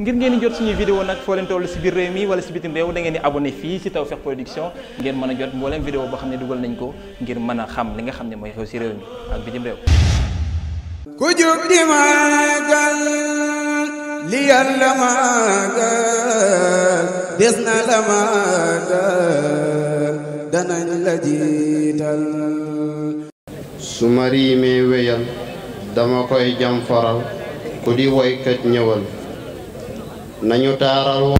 ngir ngeen jot suñu vidéo nag foo leen si biir réew mi wala si bitim réew da ngeen di abonné fii si Tawfekh Production ngeen mën a jot mbooleem vidéo boo xam ne dugal nañ ko ngir mën a xam li nga xam ne mooy xew si réew mi ak bitim réew ku jóg di des na la màggal danañ la jiital su ma riimee wéyal dama koy jam faral ku di woykat ñëwal nañu taaral woon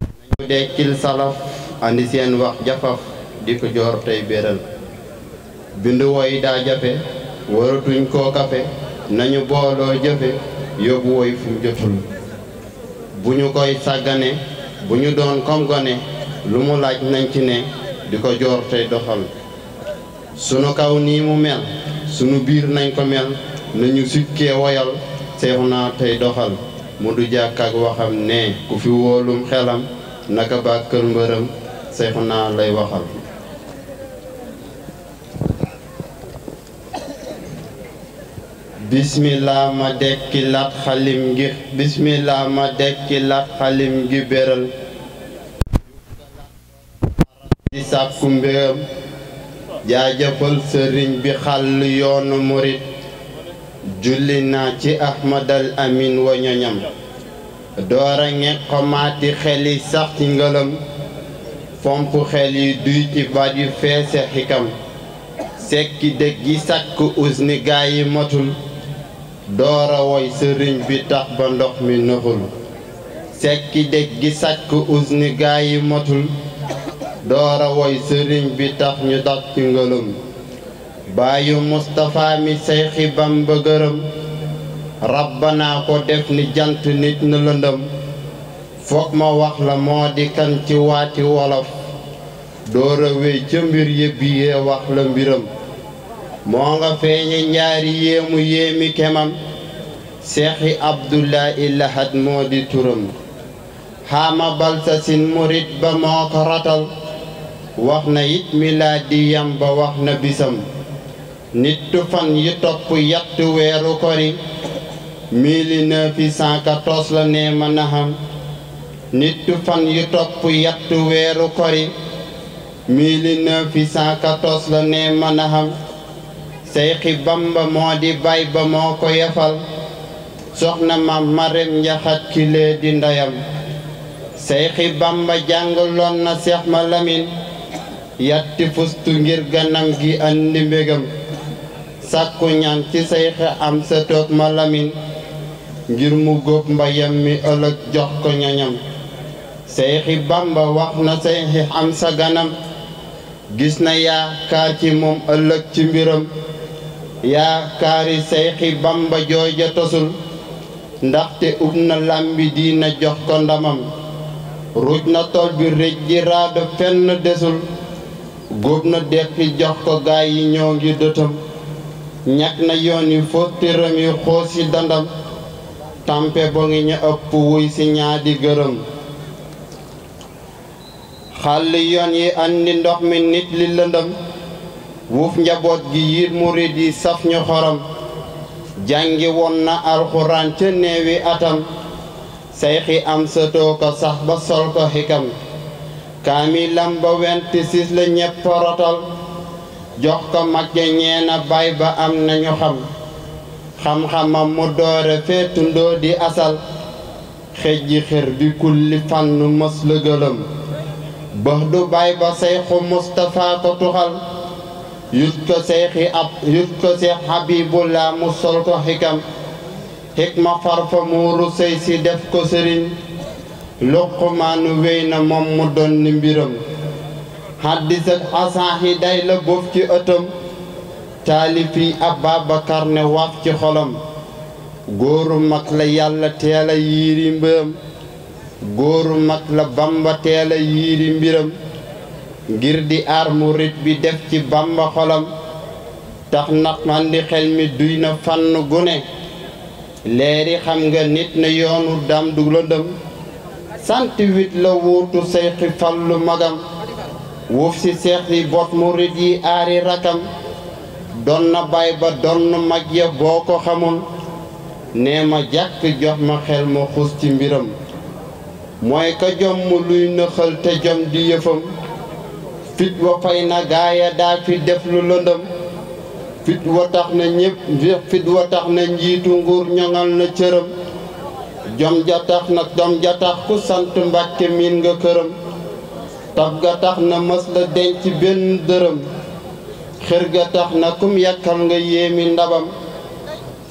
nañu dekkil salaf andi seen wax jafaf di ko joor tey béral bind woy daa jafe waratuñ koo kafe nañu booloo jëfe yóbbu woy fu jotul bu ñu koy sàggane bu ñu doon kom gone lu mu laaj nañ ci ne di ko joor tey doxal sunu kaw nii mu mel sunu biir nañ ko mel nañu sukkee woyal seexu naa tey doxal mu du jàkk ak waxam ne ku fi wóolum xelam naka baa kër mbërëm Seexuna lay waxal bismillah ma dekki lat xalim gi bëral ma dekki lat xalim gi béral sëriñ bi xal yoonu murit julli naa ci ahmadal amin wa ñoñam doora ngeqomaati xel yi sax ci ngëlam fomp xel yi duy ci baat yu feese xikam sekki dëgg yi sàkk usni gaa yi matul doora woy sëriñ bi tax ba ndox mi nëxul sekki dég gi sàkk usni gaa yi matul doora woy sëriñ bi tax ñu tax ci ngëlam baayu Moustapha mi seyxi ba gërëm rabbana ko def ni jant nit na lëndëm foog ma wax la moo di kan ci waati wolof door a wéy ca mbir yëpp yee wax la mbiram moo nga feeñe ñaari yéemu yéemi kemam seexi Abdullahi Lahad moo di turam xaama balsa sin murit ba moo ko ratal wax na it milaadiyam ba wax na bisam nittu fan yi topp yattu weeru kori 1914 la nee ma naxam nittu fan yi topp yattu weeru kori 1914 la nee ma naxam seyxi bamba moo di bay ba moo ko yefal soxna ma marem njaxat kilee di ndeyam seyxi bamba jàngaloon na seex ma lamin yatti fustu ngir ganam gi andi mbégam sàkku ñaan ci sayx am sa toog ma lamin ngir mu góob mbayam mi ëllëg jox ko ñañam sayxi bamba wax na sayxi am sa ganam gis na yaakaar ci moom ëllëg ci mbiram yaakaari sayxi bamba jooja tosul ndaxte ub na làmbi diina jox ko ndamam ruuj na tool bi rëj gi raado fenn desul góob na deqi jox ko gaay yi ñoo ngi dëtam ñàkk na yoon yi fo tëram yu xoos yi dandam tampe bo ngi ñu ëpp wuy si ñaadi gërëm xàll yoon yi andi ndox mi nit li lëndëm wuuf njaboot gi yiir murid yi saf ñu xorom jàngi woon na alxuraan ca neewi atam sayxi am sëtoo ko sax ba sol ko xikam kaamilam ba wenti siis la ñepp rotal jox ko mag ña ñeena bay ba am nañu xam xam-xamam mu doore féetundoo di asal xëj ji xër bi kulli fànn mos la gëlëm du bay ba seyxu Mustafa ko tuxal yut ko seyxi ab yut ko seex Habibullah mu sol ko xikam xikma farfa muuru sëy si def ko sëriñ Luqmaanu wéy na moom mu doon ni xaddis xasan yi day la boof ci ëttam taalif yi Ababakar ne wax ci xolom góoru mag la yàlla teel yiiri mbiram góoru mag la bamba teel a yiiri mbiram ngir di aar murit bi def ci bamba xolam tax nag mandi xel mi duy na fànn gune leeri xam nga nit na yoonu dam du lëndëm sant wit la wuutu say xi fallu magam wuuf si seex yi bot murit yi aari rakam doon na ba doon mag ya boo ko xamul nee ma jàkk jox ma xel ma xus ci mbiram mooy ka jom mu luy nëxal te jom di yëfam fit wa fay na gaaya daa fi def lu lëndëm fit wa tax na ñépp fit wa tax na njiitu nguur ñoŋal na cëram jom ja tax na jom ja tax ku sant mbàkke miin nga këram tab ga tax na mës la denc benn dërëm xër ga tax na kum yàkkal nga yéemi ndabam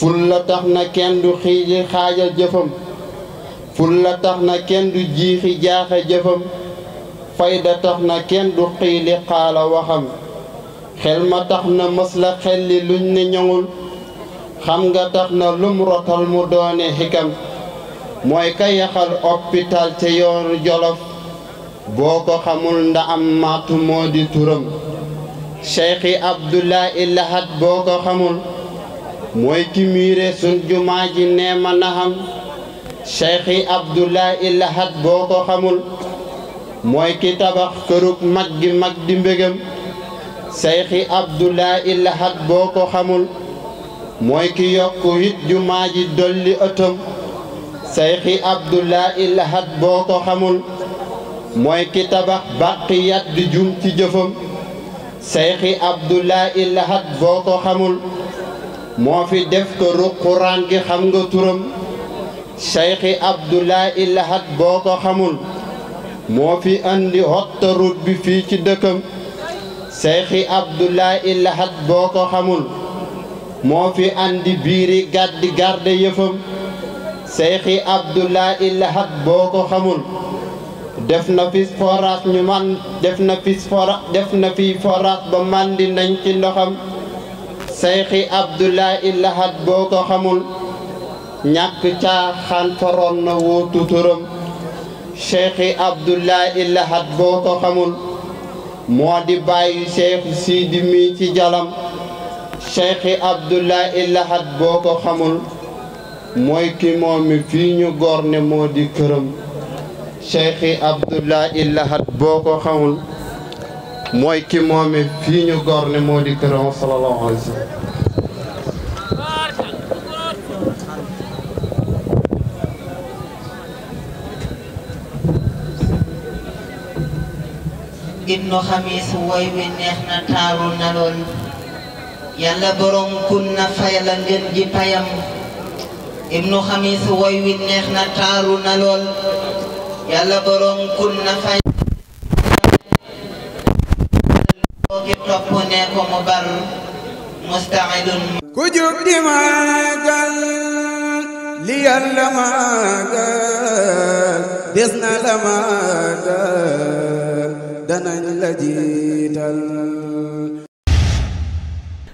ful tax na kenn du xiiji xaaja jëfam na kenn du jiixi jaaxa jëfam fayda tax na kenn du xiili xaala waxam xel ma tax na mës la xelli luñ ne ñoŋul xam ga tax na lum rotal mu doone xikam mooy ka yaxal opitaal ca yoonu jolof boo ko xamul nda am maatu moo di turam Cheikhi Abdoulaye Lahat boo ko xamul mooy ki miire sun jumaa ji neema na xam Cheikhi Abdoulaye Lahat boo ko xamul mooy ki tabax kërug mag gi mag di mbégam Cheikhi Abdoulaye Lahat boo ko xamul mooy ki yokk it jumaa ji dolli ëttam Cheikhi Abdoulaye Lahat boo ko xamul mooy ki tabax bàqiyat di jum ci jëfam seyxi abdullahi lahat boo ko xamul moo fi def ko ruquraan gi xam nga turam seyxi abdullahi lahat boo ko xamul moo fi andi hottaruut bi fii ci dëkkam seyxi abdullahi lahat boo ko xamul moo fi andi biiri gàddi garde yëfam seyxi abdullahi lahat boo ko xamul def na fi forage ñu def na ba màndi nañ ci ndoxam seyxi abdullahi lahat boo ko xamul ñàkk caaxaan faroon na wóotu turam seyxi abdullahi lahat boo ko xamul moo di bàyyi seyxi siidi ci jalam seyxi abdullahi lahat boo ko xamul mooy ki moom mi fii ne moo di këram Cheikh Abdoulaye Lahat boo ko xamul mooy ki moome fii ñu góor ne moo di këram sallallahu alayhi woy wi neex na taaru na lool yàlla boroom kun na fay la ngeen ji payam ibnu xamis woy wi neex na taaru na lool yàlla borom kun na fay kooki topp ne ko mu bar mustaxidun ku jóg di maagal li yàlla maagal des na la maagal danañ la jiital